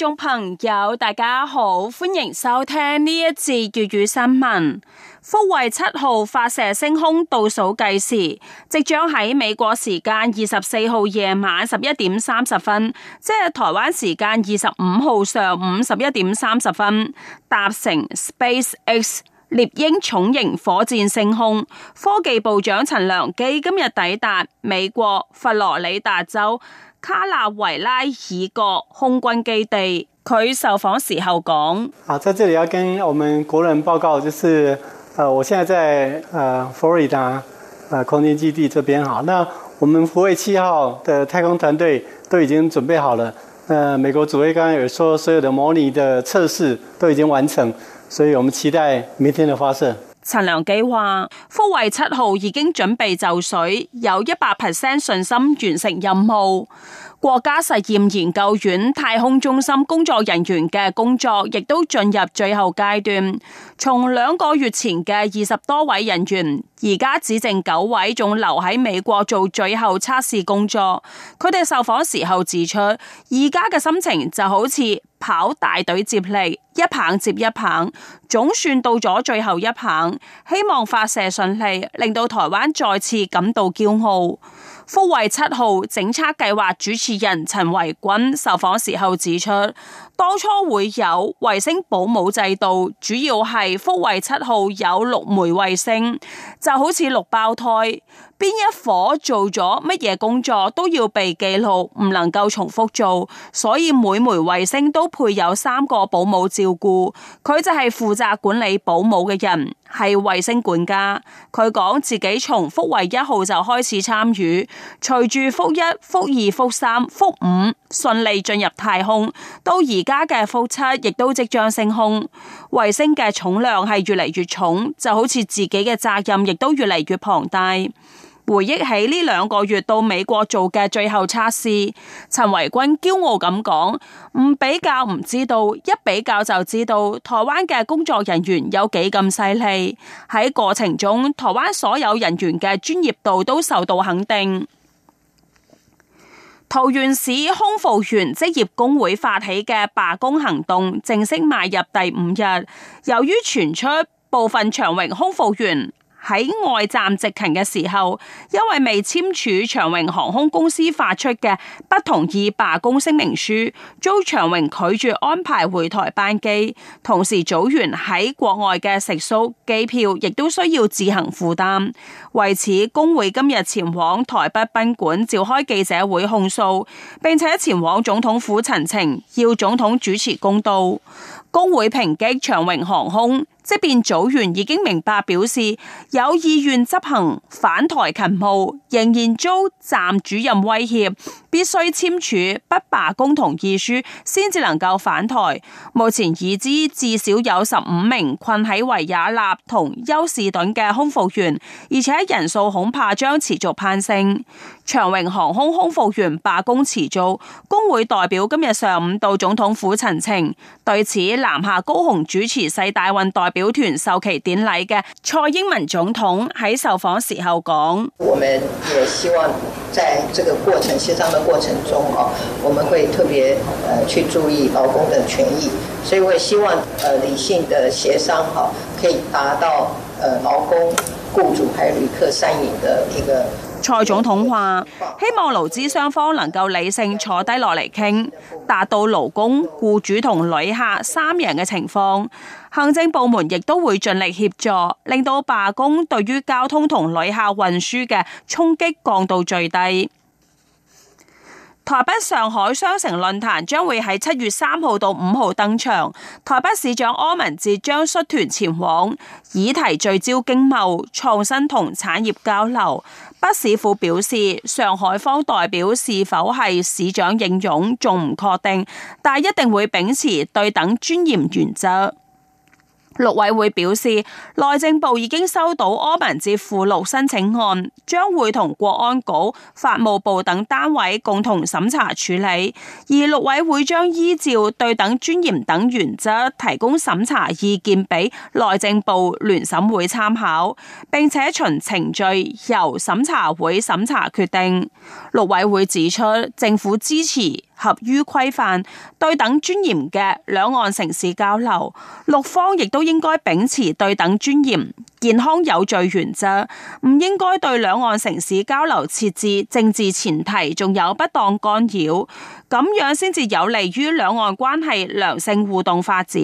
觀眾朋友，大家好，歡迎收聽呢一節粵語新聞。福衛七號發射升空倒數計時，即將喺美國時間二十四號夜晚十一點三十分，即係台灣時間二十五號上午十一點三十分，搭乘 Space X。獵鷹重型火箭升空，科技部長陳良基今日抵達美國佛羅里達州卡納維拉爾角空軍基地。佢受訪時候講：啊，在這裏要跟我們國人報告，就是，誒，我現在在誒佛羅里達誒空軍基地這邊。好，那我們福衛七號的太空團隊都已經準備好了。誒，美國主衛剛剛有說，所有的模擬的測試都已經完成。所以我們期待明天的發射。陳良基話，福衛七號已經準備就緒，有一百 percent 信心完成任務。國家實驗研究院太空中心工作人員嘅工作亦都進入最後階段。從兩個月前嘅二十多位人員，而家只剩九位，仲留喺美國做最後測試工作。佢哋受訪時候指出，而家嘅心情就好似，跑大隊接力，一棒接一棒，總算到咗最後一棒，希望發射順利，令到台灣再次感到驕傲。福衛七號整測計劃主持人陳維均受訪時候指出。當初會有衛星保姆制度，主要係福衛七號有六枚衛星，就好似六胞胎，邊一伙做咗乜嘢工作都要被記錄，唔能夠重複做，所以每枚衛星都配有三個保姆照顧。佢就係負責管理保姆嘅人，係衛星管家。佢講自己從福衛一號就開始參與，隨住福一、福二、福三、福五順利進入太空，到而家嘅福七亦都即將升空，衛星嘅重量係越嚟越重，就好似自己嘅責任亦都越嚟越龐大。回憶起呢兩個月到美國做嘅最後測試，陳維均驕傲咁講：唔比較唔知道，一比較就知道台灣嘅工作人員有幾咁犀利。喺過程中，台灣所有人員嘅專業度都受到肯定。桃園市空服員職業工會發起嘅罷工行動正式邁入第五日，由於傳出部分長榮空服員喺外站值勤嘅時候，因為未簽署長榮航空公司發出嘅不同意罷工聲明書，遭長榮拒絕安排回台班機，同時組員喺國外嘅食宿機票亦都需要自行負擔。為此，工會今日前往台北賓館召開記者會控訴，並且前往總統府陳情，要總統主持公道。工會抨擊長榮航空。即便組員已經明白表示有意願執行返台勤務，仍然遭站主任威脅，必須簽署不罷工同意書，先至能夠返台。目前已知至少有十五名困喺維也納同休士頓嘅空服員，而且人數恐怕將持續攀升。長榮航空空服員罷工持續。工會代表今日上午到總統府陳情，對此南下高雄主持世大運代表團授旗典禮嘅蔡英文總統喺受訪時候講：我們也希望在這個過程協商的過程中啊，我們會特別去注意勞工的權益，所以我也希望誒理性的協商哈，可以達到誒勞工、僱主還有旅客三贏嘅一個。蔡總統話：希望勞資雙方能夠理性坐低落嚟傾，達到勞工、雇主同旅客三贏嘅情況。行政部門亦都會盡力協助，令到罷工對於交通同旅客運輸嘅衝擊降到最低。台北上海雙城論壇將會喺七月三號到五號登場。台北市長柯文哲將率團前往，議題聚焦經貿、創新同產業交流。北市府表示，上海方代表是否係市長應勇，仲唔確定，但一定會秉持對等尊嚴原則。陸委會表示，內政部已經收到柯文哲赴陸申請案，將會同國安局、法務部等單位共同審查處理，而陸委會將依照對等、尊嚴等原則提供審查意見俾內政部聯審會參考，並且循程序由審查會審查決定。陸委會指出，政府支持，合於規範、對等尊嚴嘅兩岸城市交流，陸方亦都應該秉持對等尊嚴，健康有序原則，唔應該對兩岸城市交流設置政治前提，仲有不當干擾，咁樣先至有利於兩岸關係良性互動發展。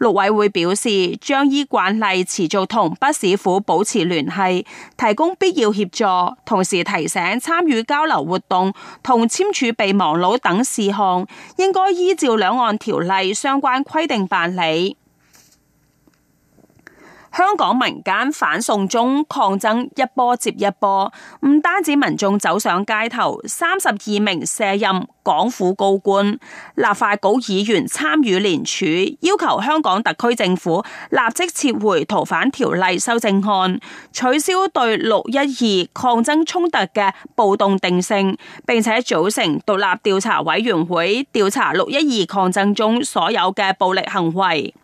陸委會表示，將依慣例持續同北市府保持聯繫，提供必要協助，同時提醒參與交流活動同簽署備忘錄等事項，應該依照兩岸條例相關規定辦理。香港民間反送中抗爭一波接一波，唔單止民眾走上街頭，三十二名卸任港府高官、立法局議員參與聯署，要求香港特區政府立即撤回逃犯條例修正案，取消對六一二抗爭衝突嘅暴動定性，並且組成獨立調查委員會調查六一二抗爭中所有嘅暴力行為。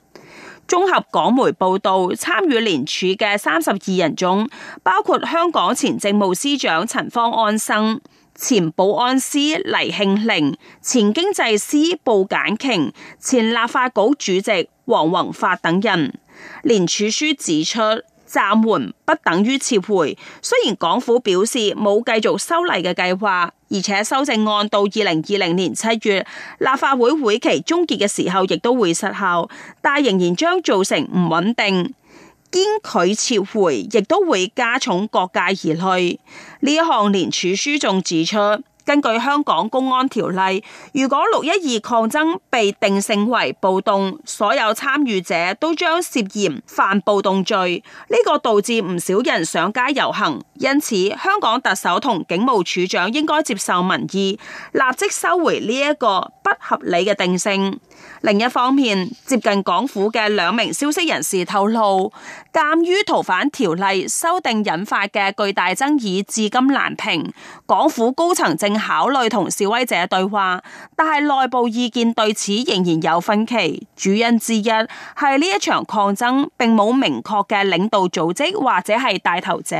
綜合港媒報道，參與連署嘅三十二人中，包括香港前政務司長陳方安生、前保安司黎慶寧、前經濟司布簡瓊、前立法局主席黃宏發等人。連署書指出。暫緩不等於撤回，雖然港府表示冇繼續修例嘅計劃，而且修正案到二零二零年七月立法會會期終結嘅時候亦都會失效，但仍然將造成唔穩定。堅拒撤回亦都會加重各界疑慮。呢一項連署書仲指出，根據香港公安條例，如果六一二抗爭被定性為暴動，所有參與者都將涉嫌犯暴動罪。呢、這個導致唔少人上街遊行，因此香港特首同警務處長應該接受民意，立即收回呢一個不合理嘅定性。另一方面，接近港府嘅兩名消息人士透露，鑒於逃犯條例修訂引發嘅巨大爭議，至今難平，港府高層正考慮同示威者對話，但係內部意見對此仍然有分歧。主因之一係呢一場抗爭並冇明確嘅領導組織或者係帶頭者。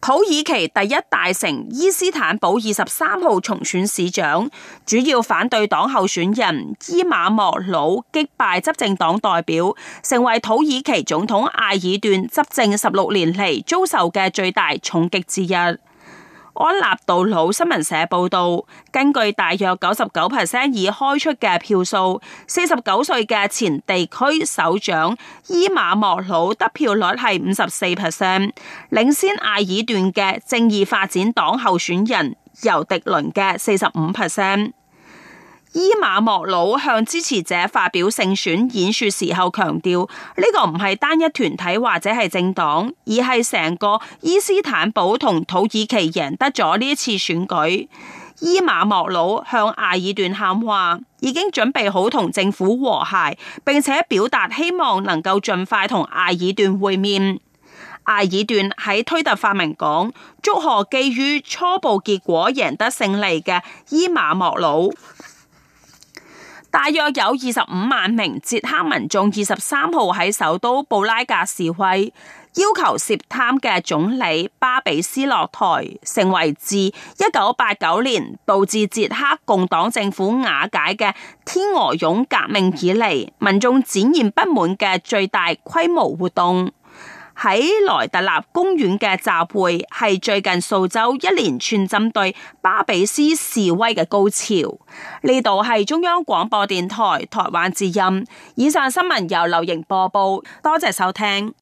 土耳其第一大城伊斯坦堡二十三號重選市長，主要反對黨候選人伊馬莫魯擊敗執政黨代表，成為土耳其總統艾爾段執政十六年嚟遭受嘅最大重擊之一。安納杜魯新聞社報道，根據大約九十九 percent 已開出嘅票數，四十九歲嘅前地區首長伊馬莫魯得票率係五十四 percent，領先艾爾段嘅正義發展黨候選人尤迪倫嘅四十五 percent。伊馬莫魯向支持者發表勝選演說時候強調，呢個唔係單一團體或者係政黨，而係成個伊斯坦堡同土耳其贏得咗呢次選舉。伊馬莫魯向艾爾段喊話，已經準備好同政府和諧，並且表達希望能夠盡快同艾爾段會面。艾爾段喺推特發文講，祝賀基於初步結果贏得勝利嘅伊馬莫魯。大約有二十五萬名捷克民眾二十三號喺首都布拉格示威，要求涉貪嘅總理巴比斯落台，成為自一九八九年導致捷克共黨政府瓦解嘅天鵝絨革命以嚟，民眾展現不滿嘅最大規模活動。喺萊特納公園嘅集會係最近數周一連串針對巴比斯示威嘅高潮。呢度係中央廣播電台台灣之音。以上新聞由劉瑩播報，多謝收聽。